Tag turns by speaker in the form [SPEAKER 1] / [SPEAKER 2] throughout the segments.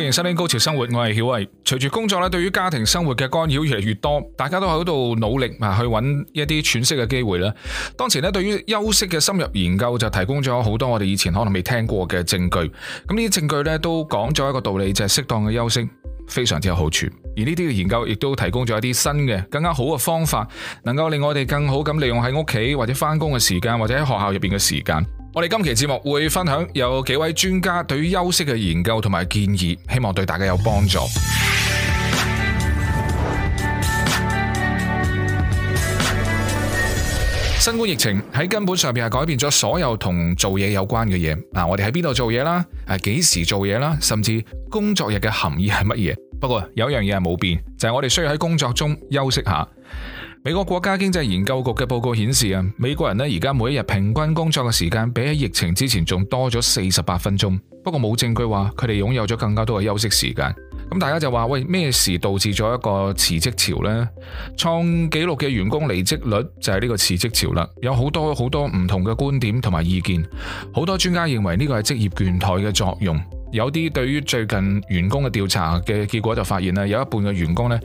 [SPEAKER 1] 歡迎收聽《新高潮生活》，我曉，我係曉慧。隨住工作咧，對於家庭生活嘅干擾越嚟越多，大家都喺度努力啊，去揾一啲喘息嘅機會啦。當前咧，對於休息嘅深入研究就提供咗好多我哋以前可能未聽過嘅證據。咁呢啲證據咧都講咗一個道理，就係、是、適當嘅休息非常之有好處。而呢啲嘅研究亦都提供咗一啲新嘅更加好嘅方法，能夠令我哋更好咁利用喺屋企或者翻工嘅時間，或者喺學校入邊嘅時間。我哋今期節目會分享有幾位專家對於休息嘅研究同埋建議，希望對大家有幫助。新冠疫情喺根本上面係改變咗所有同做嘢有關嘅嘢。嗱，我哋喺邊度做嘢啦？係，幾時做嘢啦？甚至工作日嘅含義係乜嘢？不過有樣嘢係冇變，就係、是、我哋需要喺工作中休息下。美國國家經濟研究局嘅報告顯示啊，美國人呢而家每一日平均工作嘅時間比起疫情之前仲多咗四十八分鐘。不過冇證據話佢哋擁有咗更加多嘅休息時間。咁大家就話喂，咩事導致咗一個辭職潮呢？創紀錄嘅員工離職率就係呢個辭職潮啦。有好多好多唔同嘅觀點同埋意見。好多專家認為呢個係職業倦怠嘅作用。有啲對於最近員工嘅調查嘅結果就發現啦，有一半嘅員工呢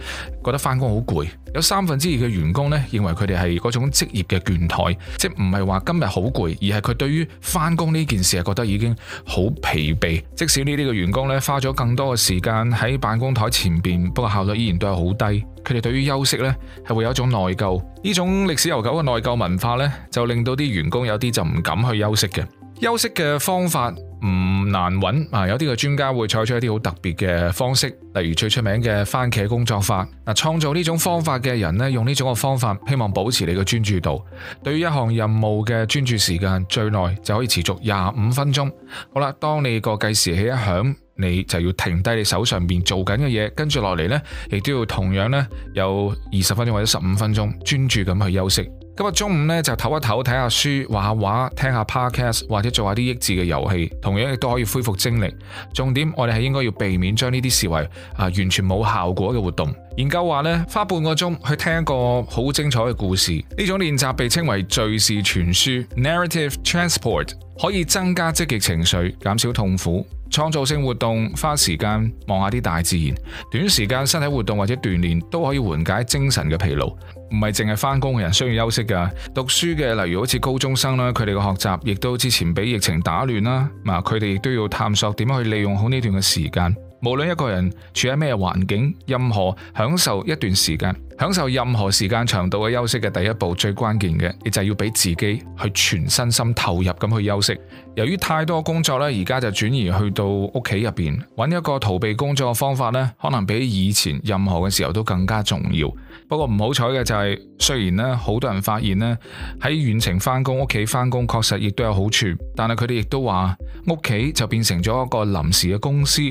[SPEAKER 1] 覺得返工好攰，有三分之二嘅員工呢認為佢哋係嗰種職業嘅倦怠，即唔係話今日好攰，而係佢對於返工呢件事係覺得已經好疲憊。即使呢啲嘅員工呢花咗更多嘅時間喺辦公台前邊，不過效率依然都係好低。佢哋對於休息呢係會有一種內疚，呢種歷史悠久嘅內疚文化呢，就令到啲員工有啲就唔敢去休息嘅。休息嘅方法。唔難揾啊！有啲嘅專家會採取一啲好特別嘅方式，例如最出名嘅番茄工作法。嗱，創造呢種方法嘅人咧，用呢種嘅方法，希望保持你嘅專注度。對於一項任務嘅專注時間最耐，就可以持續廿五分鐘。好啦，當你個計時器一響，你就要停低你手上邊做緊嘅嘢，跟住落嚟呢，亦都要同樣呢，有二十分鐘或者十五分鐘專注咁去休息。今日中午咧就唞一唞，睇下書，畫下畫，聽下 podcast，或者做下啲益智嘅遊戲，同樣亦都可以恢復精力。重點我哋係應該要避免將呢啲視為啊完全冇效果嘅活動。研究話呢，花半個鐘去聽一個好精彩嘅故事，呢種練習被稱為敘事傳輸 （narrative transport），可以增加積極情緒，減少痛苦。創造性活動、花時間望下啲大自然、短時間身體活動或者鍛煉都可以緩解精神嘅疲勞。唔係淨係返工嘅人需要休息噶，讀書嘅，例如好似高中生啦，佢哋嘅學習亦都之前俾疫情打亂啦，嗱，佢哋亦都要探索點樣去利用好呢段嘅時間。無論一個人處喺咩環境，任何享受一段時間。享受任何時間長度嘅休息嘅第一步，最關鍵嘅，你就要俾自己去全身心投入咁去休息。由於太多工作咧，而家就轉移去到屋企入邊，揾一個逃避工作嘅方法呢，可能比以前任何嘅時候都更加重要。不過唔好彩嘅就係，雖然呢，好多人發現呢，喺遠程翻工、屋企翻工，確實亦都有好處，但係佢哋亦都話屋企就變成咗一個臨時嘅公司，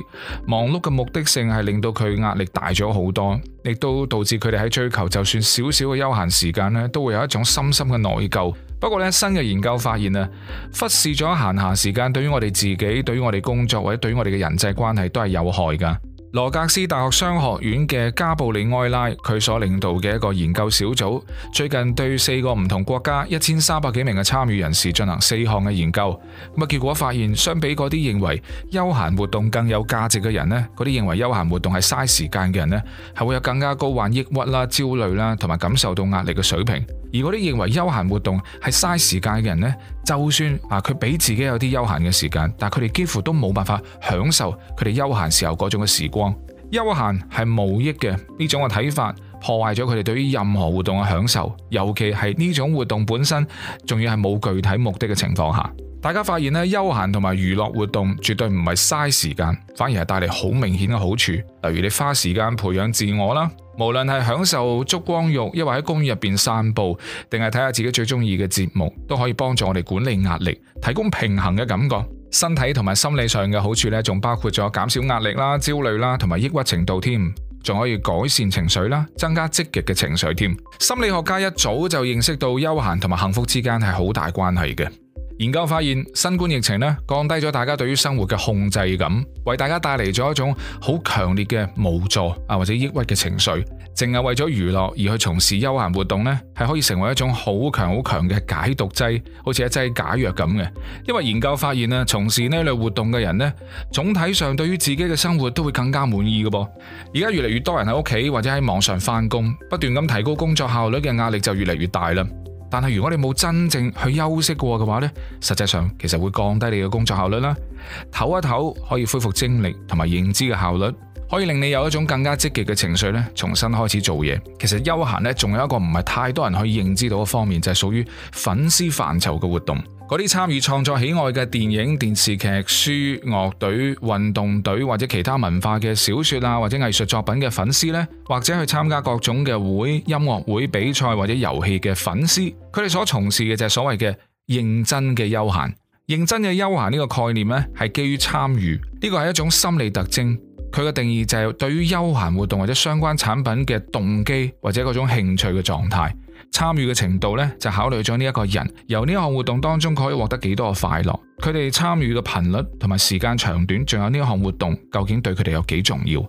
[SPEAKER 1] 忙碌嘅目的性係令到佢壓力大咗好多。亦都導致佢哋喺追求，就算少少嘅休閒時間咧，都會有一種深深嘅內疚。不過呢，新嘅研究發現啊，忽視咗閒暇時間對於我哋自己、對於我哋工作或者對於我哋嘅人際關係都係有害㗎。羅格斯大學商學院嘅加布里埃拉，佢所領導嘅一個研究小組，最近對四個唔同國家一千三百幾名嘅參與人士進行四項嘅研究，咁結果發現，相比嗰啲認為休閒活動更有價值嘅人呢，嗰啲認為休閒活動係嘥時間嘅人呢，係會有更加高患抑鬱啦、焦慮啦，同埋感受到壓力嘅水平。而嗰啲認為休閒活動係嘥時間嘅人呢，就算啊佢俾自己有啲休閒嘅時間，但佢哋幾乎都冇辦法享受佢哋休閒時候嗰種嘅時光。休閒係無益嘅呢種嘅睇法，破壞咗佢哋對於任何活動嘅享受，尤其係呢種活動本身，仲要係冇具體目的嘅情況下。大家發現咧，休閒同埋娛樂活動絕對唔係嘥時間，反而係帶嚟好明顯嘅好處。例如你花時間培養自我啦，無論係享受燭光浴，抑或喺公園入邊散步，定係睇下自己最中意嘅節目，都可以幫助我哋管理壓力，提供平衡嘅感覺。身體同埋心理上嘅好處咧，仲包括咗減少壓力啦、焦慮啦同埋抑鬱程度添，仲可以改善情緒啦，增加積極嘅情緒添。心理學家一早就認識到休閒同埋幸福之間係好大關係嘅。研究發現，新冠疫情咧降低咗大家對於生活嘅控制感，為大家帶嚟咗一種好強烈嘅無助啊或者抑鬱嘅情緒。淨係為咗娛樂而去從事休閒活動咧，係可以成為一種好強好強嘅解毒劑，好似一劑解藥咁嘅。因為研究發現啊，從事呢類活動嘅人咧，總體上對於自己嘅生活都會更加滿意嘅噃。而家越嚟越多人喺屋企或者喺網上返工，不斷咁提高工作效率嘅壓力就越嚟越大啦。但係如果你冇真正去休息過嘅話呢，實際上其實會降低你嘅工作效率啦。唞一唞可以恢復精力同埋認知嘅效率，可以令你有一種更加積極嘅情緒呢，重新開始做嘢。其實休閒呢仲有一個唔係太多人可以認知到嘅方面，就係屬於粉絲範疇嘅活動。嗰啲參與創作喜愛嘅電影、電視劇、書、樂隊、運動隊或者其他文化嘅小説啊，或者藝術作品嘅粉絲呢，或者去參加各種嘅會、音樂會、比賽或者遊戲嘅粉絲，佢哋所從事嘅就係所謂嘅認真嘅休閒。認真嘅休閒呢個概念呢，係基於參與，呢個係一種心理特徵。佢嘅定義就係對於休閒活動或者相關產品嘅動機或者嗰種興趣嘅狀態。參與嘅程度呢，就考慮咗呢一個人由呢項活動當中可以獲得幾多嘅快樂。佢哋參與嘅頻率同埋時間長短，仲有呢項活動究竟對佢哋有幾重要。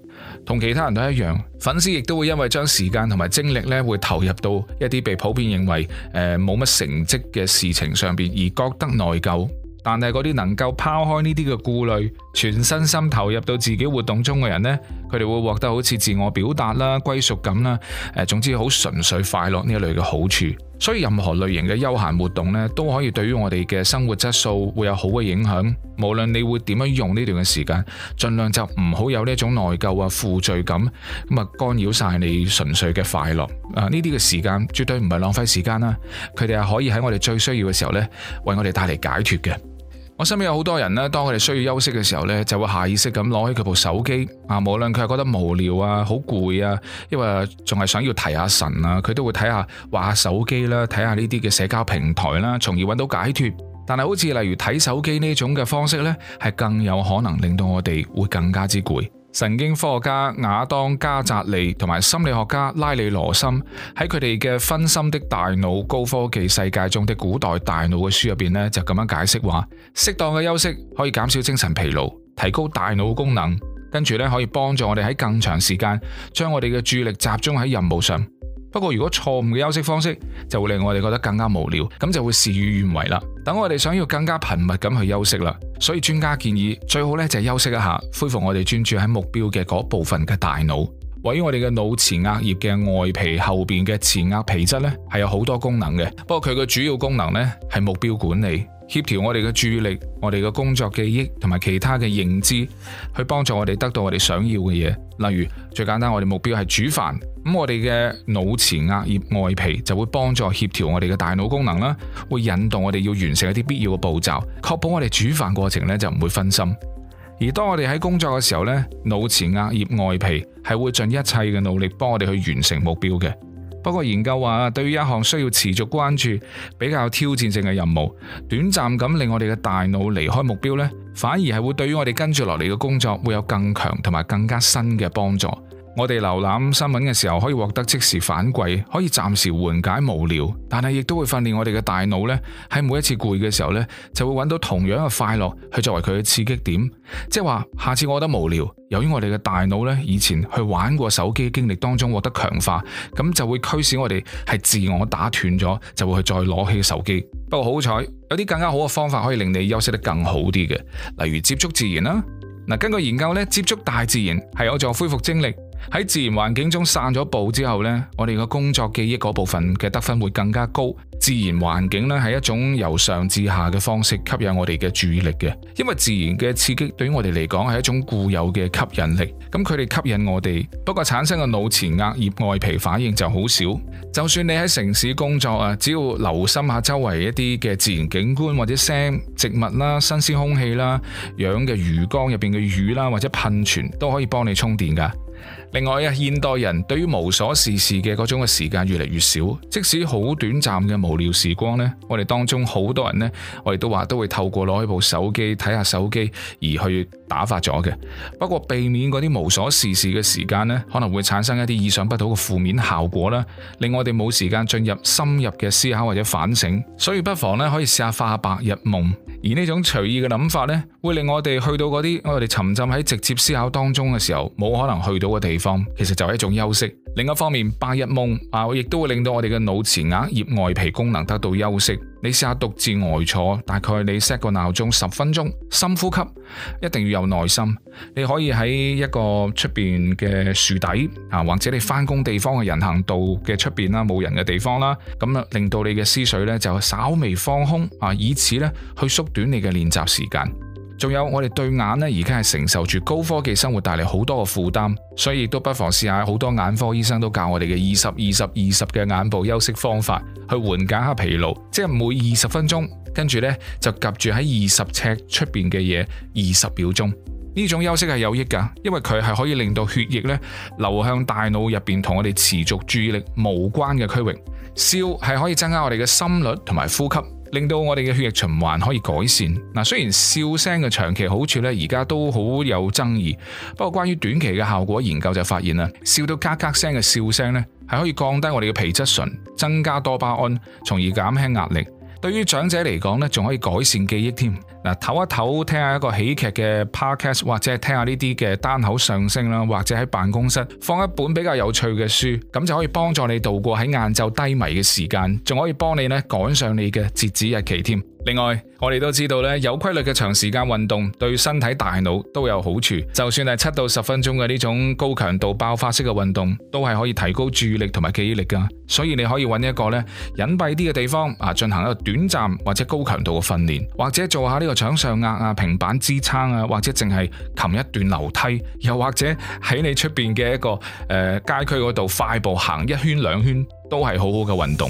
[SPEAKER 1] 同其他人都一樣，粉絲亦都會因為將時間同埋精力呢，會投入到一啲被普遍認為誒冇乜成績嘅事情上邊而覺得內疚。但係嗰啲能夠拋開呢啲嘅顧慮，全身心投入到自己活動中嘅人呢。佢哋會獲得好似自我表達啦、歸屬感啦，誒，總之好純粹快樂呢一類嘅好處。所以任何類型嘅休閒活動呢，都可以對於我哋嘅生活質素會有好嘅影響。無論你會點樣用呢段嘅時間，盡量就唔好有呢一種內疚啊、負罪感咁啊，干擾晒你純粹嘅快樂。啊、呃，呢啲嘅時間絕對唔係浪費時間啦。佢哋係可以喺我哋最需要嘅時候呢，為我哋帶嚟解脫嘅。我身邊有好多人呢，當佢哋需要休息嘅時候呢，就會下意識咁攞起佢部手機啊，無論佢係覺得無聊啊、好攰啊，抑或仲係想要提下神啊，佢都會睇下玩下手機啦，睇下呢啲嘅社交平台啦，從而揾到解脫。但係好似例如睇手機呢種嘅方式呢，係更有可能令到我哋會更加之攰。神經科學家亞當加扎利同埋心理學家拉里羅森喺佢哋嘅《分心的大腦：高科技世界中的古代大腦》嘅書入邊呢，就咁樣解釋話，適當嘅休息可以減少精神疲勞，提高大腦功能，跟住呢，可以幫助我哋喺更長時間將我哋嘅注意力集中喺任務上。不過如果錯誤嘅休息方式，就會令我哋覺得更加無聊，咁就會事與願違啦。等我哋想要更加頻密咁去休息啦，所以專家建議最好咧就休息一下，恢復我哋專注喺目標嘅嗰部分嘅大腦。位於我哋嘅腦前額葉嘅外皮後邊嘅前額皮質咧，係有好多功能嘅。不過佢嘅主要功能咧係目標管理，協調我哋嘅注意力、我哋嘅工作記憶同埋其他嘅認知，去幫助我哋得到我哋想要嘅嘢。例如最簡單，我哋目標係煮飯。咁我哋嘅腦前額葉外皮就會幫助協調我哋嘅大腦功能啦，會引導我哋要完成一啲必要嘅步驟，確保我哋煮飯過程呢就唔會分心。而當我哋喺工作嘅時候呢，腦前額葉外皮係會盡一切嘅努力幫我哋去完成目標嘅。不過研究話啊，對於一項需要持續關注、比較挑戰性嘅任務，短暫咁令我哋嘅大腦離開目標呢，反而係會對於我哋跟住落嚟嘅工作會有更強同埋更加新嘅幫助。我哋瀏覽新聞嘅時候，可以獲得即時反饋，可以暫時緩解無聊，但係亦都會訓練我哋嘅大腦呢，喺每一次攰嘅時候呢，就會揾到同樣嘅快樂去作為佢嘅刺激點。即係話，下次我覺得無聊，由於我哋嘅大腦呢，以前去玩過手機嘅經歷當中獲得強化，咁就會驅使我哋係自我打斷咗，就會去再攞起手機。不過好彩，有啲更加好嘅方法可以令你休息得更好啲嘅，例如接觸自然啦。嗱，根據研究呢，接觸大自然係有助恢復精力。喺自然環境中散咗步之後呢，我哋嘅工作記憶嗰部分嘅得分會更加高。自然環境呢係一種由上至下嘅方式吸引我哋嘅注意力嘅，因為自然嘅刺激對於我哋嚟講係一種固有嘅吸引力。咁佢哋吸引我哋，不過產生嘅腦前額葉外皮反應就好少。就算你喺城市工作啊，只要留心下周圍一啲嘅自然景觀或者聲、植物啦、新鮮空氣啦、養嘅魚缸入邊嘅魚啦，或者噴泉都可以幫你充電㗎。另外啊，現代人對於無所事事嘅嗰種嘅時間越嚟越少，即使好短暫嘅無聊時光咧，我哋當中好多人呢，我哋都話都會透過攞起部手機睇下手機而去打發咗嘅。不過避免嗰啲無所事事嘅時間呢，可能會產生一啲意想不到嘅負面效果啦，令我哋冇時間進入深入嘅思考或者反省。所以不妨呢，可以試下化白日夢，而呢種隨意嘅諗法呢，會令我哋去到嗰啲我哋沉浸喺直接思考當中嘅時候冇可能去到嘅地方。其實就係一種休息。另一方面，白日夢啊，亦都會令到我哋嘅腦前額葉外皮功能得到休息。你試下獨自呆坐，大概你 set 個鬧鐘十分鐘，深呼吸，一定要有耐心。你可以喺一個出邊嘅樹底啊，或者你返工地方嘅人行道嘅出邊啦，冇人嘅地方啦，咁啊，令到你嘅思緒呢就稍微放空啊，以此呢去縮短你嘅練習時間。仲有我哋對眼呢，而家係承受住高科技生活帶嚟好多嘅負擔，所以亦都不妨試下。好多眼科醫生都教我哋嘅二十、二十、二十嘅眼部休息方法，去緩解下疲勞。即係每二十分鐘，跟住呢就夾住喺二十尺出邊嘅嘢二十秒鐘。呢種休息係有益噶，因為佢係可以令到血液呢流向大腦入邊同我哋持續注意力無關嘅區域。笑係可以增加我哋嘅心率同埋呼吸。令到我哋嘅血液循環可以改善。嗱，雖然笑聲嘅長期好處呢，而家都好有爭議。不過，關於短期嘅效果研究就發現啦，笑到咔咔聲嘅笑聲呢，係可以降低我哋嘅皮質醇，增加多巴胺，從而減輕壓力。對於長者嚟講咧，仲可以改善記憶添。嗱，唞一唞，聽下一個喜劇嘅 podcast，或者係聽下呢啲嘅單口相聲啦，或者喺辦公室放一本比較有趣嘅書，咁就可以幫助你度過喺晏晝低迷嘅時間，仲可以幫你咧趕上你嘅截止日期添。另外，我哋都知道咧，有規律嘅長時間運動對身體、大腦都有好處。就算係七到十分鐘嘅呢種高強度爆發式嘅運動，都係可以提高注意力同埋記憶力㗎。所以你可以揾一個咧隱蔽啲嘅地方啊，進行一個短暫或者高強度嘅訓練，或者做下呢個掌上壓啊、平板支撐啊，或者淨係擒一段樓梯，又或者喺你出邊嘅一個誒、呃、街區嗰度快步行一圈兩圈，都係好好嘅運動。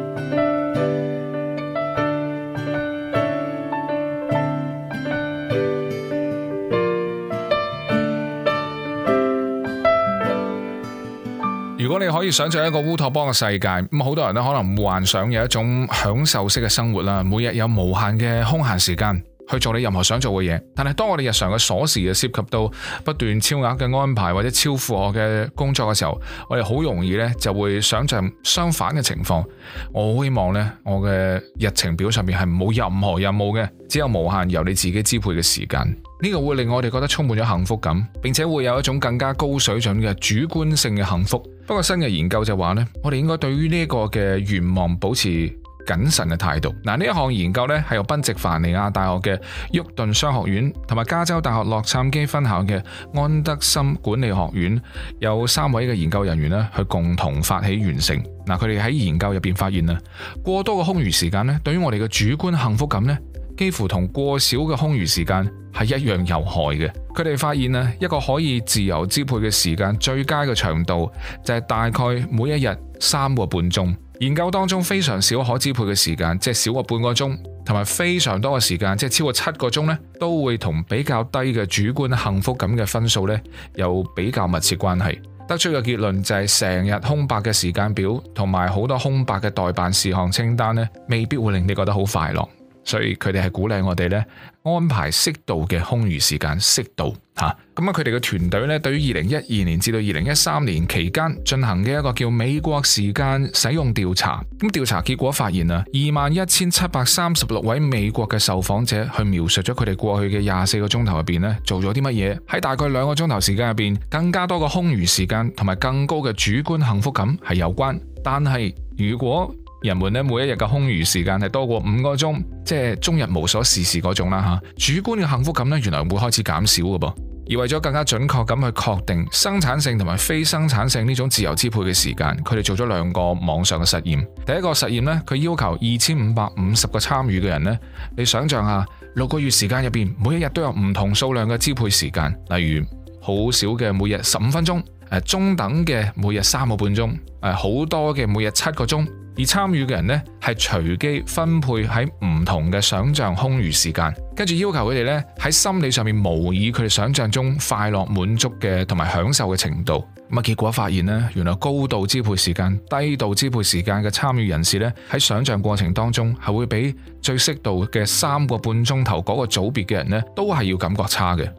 [SPEAKER 1] 如果你可以想像一個烏托邦嘅世界，咁好多人都可能幻想有一種享受式嘅生活啦，每日有無限嘅空閒時間。去做你任何想做嘅嘢，但係當我哋日常嘅瑣事就涉及到不斷超額嘅安排或者超負荷嘅工作嘅時候，我哋好容易咧就會想象相反嘅情況。我好希望咧，我嘅日程表上面係冇任何任務嘅，只有無限由你自己支配嘅時間。呢個會令我哋覺得充滿咗幸福感，並且會有一種更加高水準嘅主觀性嘅幸福。不過新嘅研究就話咧，我哋應該對於呢個嘅願望保持。謹慎嘅態度。嗱，呢一項研究呢，係由賓夕凡尼亞大學嘅沃頓商學院同埋加州大學洛杉磯分校嘅安德森管理學院有三位嘅研究人員呢，去共同發起完成。嗱，佢哋喺研究入邊發現啊，過多嘅空餘時間呢，對於我哋嘅主觀幸福感呢，幾乎同過少嘅空餘時間係一樣有害嘅。佢哋發現呢一個可以自由支配嘅時間最佳嘅長度就係大概每一日三個半鐘。研究當中非常少可支配嘅時間，即係少過半個鐘，同埋非常多嘅時間，即係超過七個鐘咧，都會同比較低嘅主觀幸福感嘅分數咧有比較密切關係。得出嘅結論就係成日空白嘅時間表同埋好多空白嘅待辦事項清單咧，未必會令你覺得好快樂。所以佢哋係鼓勵我哋呢安排適度嘅空餘時間，適度吓。咁啊，佢哋嘅團隊呢，對於二零一二年至到二零一三年期間進行嘅一個叫美國時間使用調查，咁調查結果發現啊，二萬一千七百三十六位美國嘅受訪者去描述咗佢哋過去嘅廿四個鐘頭入邊呢做咗啲乜嘢。喺大概兩個鐘頭時間入邊，更加多嘅空餘時間同埋更高嘅主觀幸福感係有關。但係如果人們咧每一日嘅空餘時間係多過五個鐘，即係終日無所事事嗰種啦吓。主觀嘅幸福感呢，原來會開始減少嘅噃。而為咗更加準確咁去確定生產性同埋非生產性呢種自由支配嘅時間，佢哋做咗兩個網上嘅實驗。第一個實驗呢，佢要求二千五百五十個參與嘅人呢。你想象下六個月時間入邊，每一日都有唔同數量嘅支配時間，例如好少嘅每日十五分鐘，誒中等嘅每日三個半鐘，誒好多嘅每日七個鐘。而參與嘅人呢，係隨機分配喺唔同嘅想象空餘時間，跟住要求佢哋呢，喺心理上面模擬佢哋想象中快樂滿足嘅同埋享受嘅程度。咁結果發現呢，原來高度支配時間、低度支配時間嘅參與人士呢，喺想象過程當中係會比最適度嘅三個半鐘頭嗰個組別嘅人呢，都係要感覺差嘅。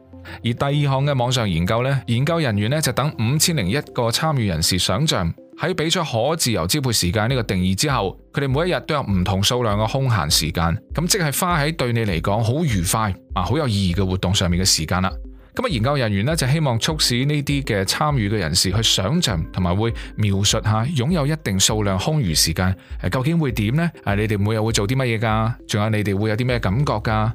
[SPEAKER 1] 而第二項嘅網上研究呢，研究人員呢，就等五千零一個參與人士想象。喺俾出可自由支配時間呢個定義之後，佢哋每一日都有唔同數量嘅空閒時間，咁即係花喺對你嚟講好愉快啊、好有意義嘅活動上面嘅時間啦。咁、嗯、啊，研究人員呢就希望促使呢啲嘅參與嘅人士去想象，同埋會描述下擁有一定數量空餘時間究竟會點呢？誒，你哋每日會做啲乜嘢㗎？仲有你哋會有啲咩感覺㗎？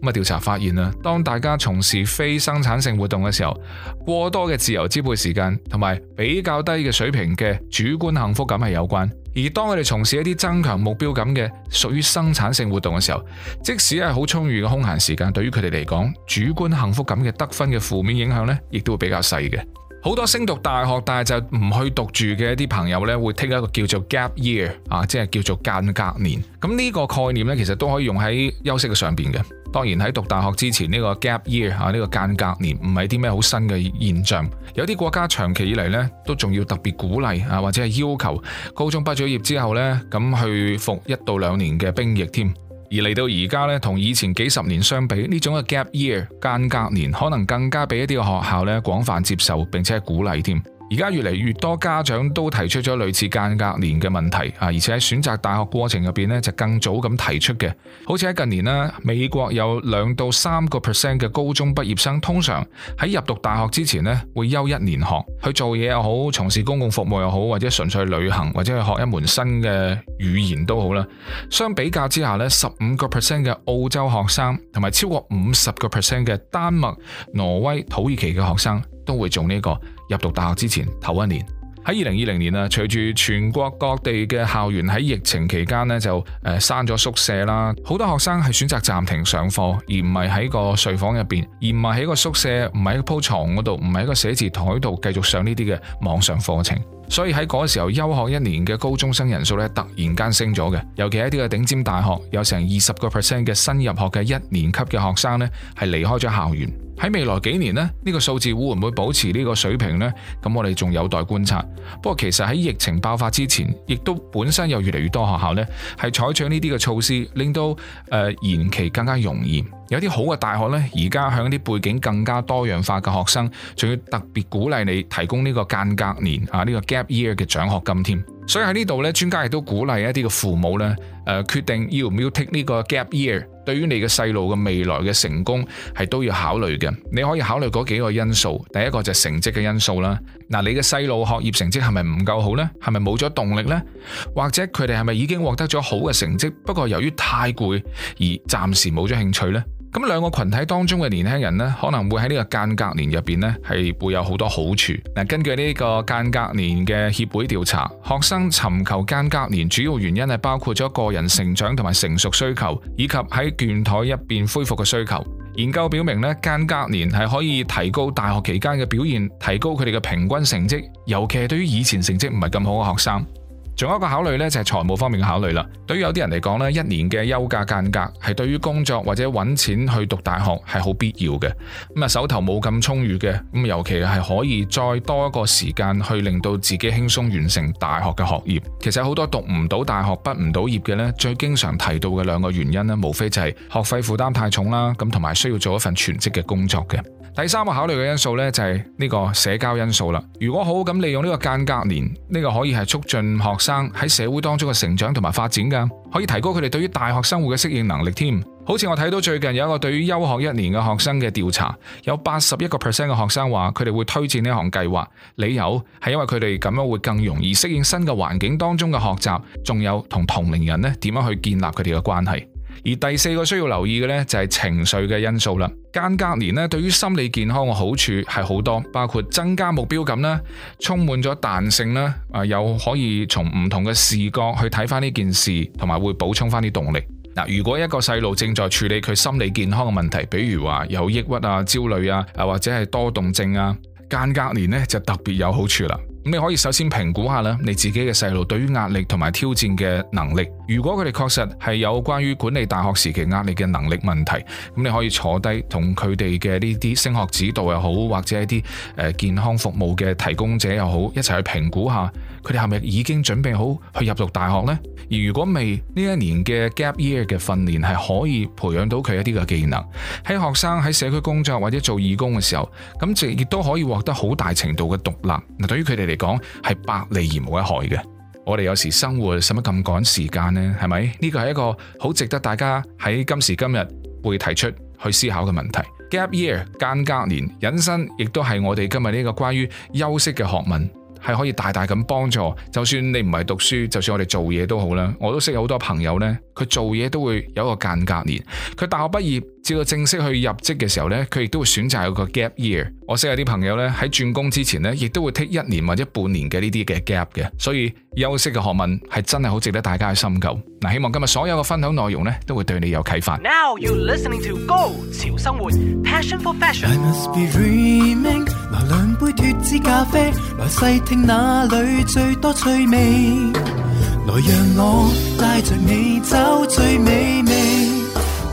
[SPEAKER 1] 咁啊！調查發現啊，當大家從事非生產性活動嘅時候，過多嘅自由支配時間同埋比較低嘅水平嘅主觀幸福感係有關；而當佢哋從事一啲增強目標感嘅屬於生產性活動嘅時候，即使係好充裕嘅空閒時間，對於佢哋嚟講，主觀幸福感嘅得分嘅負面影響呢，亦都會比較細嘅。好多升讀大學但係就唔去讀住嘅一啲朋友呢，會 take 一個叫做 gap year 啊，即係叫做間隔年。咁呢個概念呢，其實都可以用喺休息嘅上邊嘅。當然喺讀大學之前呢個 gap year 啊，呢個間隔年唔係啲咩好新嘅現象，有啲國家長期以嚟呢都仲要特別鼓勵啊，或者係要求高中畢咗業之後呢咁去服一到兩年嘅兵役添。而嚟到而家呢，同以前幾十年相比，呢種嘅 gap year 間隔年可能更加俾一啲嘅學校呢廣泛接受並且鼓勵添。而家越嚟越多家長都提出咗類似間隔年嘅問題啊，而且喺選擇大學過程入邊咧就更早咁提出嘅。好似喺近年啦，美國有兩到三個 percent 嘅高中畢業生，通常喺入讀大學之前咧會休一年學，去做嘢又好，從事公共服務又好，或者純粹去旅行，或者去學一門新嘅語言都好啦。相比較之下咧，十五個 percent 嘅澳洲學生，同埋超過五十個 percent 嘅丹麥、挪威、土耳其嘅學生都會做呢個。入讀大學之前頭一年，喺二零二零年啊，隨住全國各地嘅校園喺疫情期間呢，就誒閂咗宿舍啦，好多學生係選擇暫停上課，而唔係喺個睡房入邊，而唔係喺個宿舍，唔係喺鋪床嗰度，唔係喺個寫字台度繼續上呢啲嘅網上課程。所以喺嗰時候休學一年嘅高中生人數咧突然間升咗嘅，尤其係一啲嘅頂尖大學，有成二十個 percent 嘅新入學嘅一年級嘅學生呢，係離開咗校園。喺未來幾年呢，呢個數字會唔會保持呢個水平呢？咁我哋仲有待觀察。不過其實喺疫情爆發之前，亦都本身有越嚟越多學校呢，係採取呢啲嘅措施，令到誒、呃、延期更加容易。有啲好嘅大學呢，而家向啲背景更加多樣化嘅學生，仲要特別鼓勵你提供呢個間隔年啊呢個 gap year 嘅獎學金添。所以喺呢度咧，專家亦都鼓勵一啲嘅父母咧，誒、呃、決定要唔要 take 呢個 gap year，對於你嘅細路嘅未來嘅成功係都要考慮嘅。你可以考慮嗰幾個因素，第一個就係成績嘅因素啦。嗱，你嘅細路學業成績係咪唔夠好呢？係咪冇咗動力呢？或者佢哋係咪已經獲得咗好嘅成績，不過由於太攰而暫時冇咗興趣呢？咁兩個群體當中嘅年輕人呢，可能會喺呢個間隔年入邊呢，係會有好多好處。嗱，根據呢個間隔年嘅協會調查，學生尋求間隔年主要原因係包括咗個人成長同埋成熟需求，以及喺倦怠入邊恢復嘅需求。研究表明呢，間隔年係可以提高大學期間嘅表現，提高佢哋嘅平均成績，尤其係對於以前成績唔係咁好嘅學生。仲有一個考慮呢，就係財務方面嘅考慮啦。對於有啲人嚟講咧，一年嘅休假間隔係對於工作或者揾錢去讀大學係好必要嘅。咁啊，手頭冇咁充裕嘅，咁尤其係可以再多一個時間去令到自己輕鬆完成大學嘅學業。其實好多讀唔到大學、畢唔到業嘅呢，最經常提到嘅兩個原因呢，無非就係學費負擔太重啦，咁同埋需要做一份全職嘅工作嘅。第三個考慮嘅因素呢，就係呢個社交因素啦。如果好好咁利用呢個間隔年，呢個可以係促進學生喺社會當中嘅成長同埋發展噶，可以提高佢哋對於大學生活嘅適應能力添。好似我睇到最近有一個對於休學一年嘅學生嘅調查，有八十一個 percent 嘅學生話佢哋會推薦呢項計劃。理由係因爲佢哋咁樣會更容易適應新嘅環境當中嘅學習，仲有同同齡人呢點樣去建立佢哋嘅關係。而第四個需要留意嘅呢，就係情緒嘅因素啦。間隔年呢，對於心理健康嘅好處係好多，包括增加目標感啦，充滿咗彈性啦，啊又可以從唔同嘅視角去睇翻呢件事，同埋會補充翻啲動力。嗱，如果一個細路正在處理佢心理健康嘅問題，比如話有抑鬱啊、焦慮啊，啊或者係多動症啊，間隔年呢，就特別有好處啦。你可以首先評估下啦，你自己嘅細路對於壓力同埋挑戰嘅能力。如果佢哋確實係有關於管理大學時期壓力嘅能力問題，咁你可以坐低同佢哋嘅呢啲升學指導又好，或者一啲健康服務嘅提供者又好，一齊去評估下佢哋係咪已經準備好去入讀大學呢？而如果未呢一年嘅 gap year 嘅訓練係可以培養到佢一啲嘅技能，喺學生喺社區工作或者做義工嘅時候，咁亦都可以獲得好大程度嘅獨立。嗱，對於佢哋嚟講係百利而無一害嘅。我哋有時生活使乜咁趕時間呢？係咪呢個係一個好值得大家喺今時今日會提出去思考嘅問題？Gap year 間隔年，引申亦都係我哋今日呢個關於休息嘅學問係可以大大咁幫助。就算你唔係讀書，就算我哋做嘢都好啦。我都識好多朋友呢，佢做嘢都會有一個間隔年。佢大學畢業。至到正式去入職嘅時候呢，佢亦都會選擇有個 gap year。我識有啲朋友呢，喺轉工之前呢，亦都會 take 一年或者半年嘅呢啲嘅 gap 嘅，所以休息嘅學問係真係好值得大家去深究。嗱，希望今日所有嘅分享內容呢，都會對你有啟發。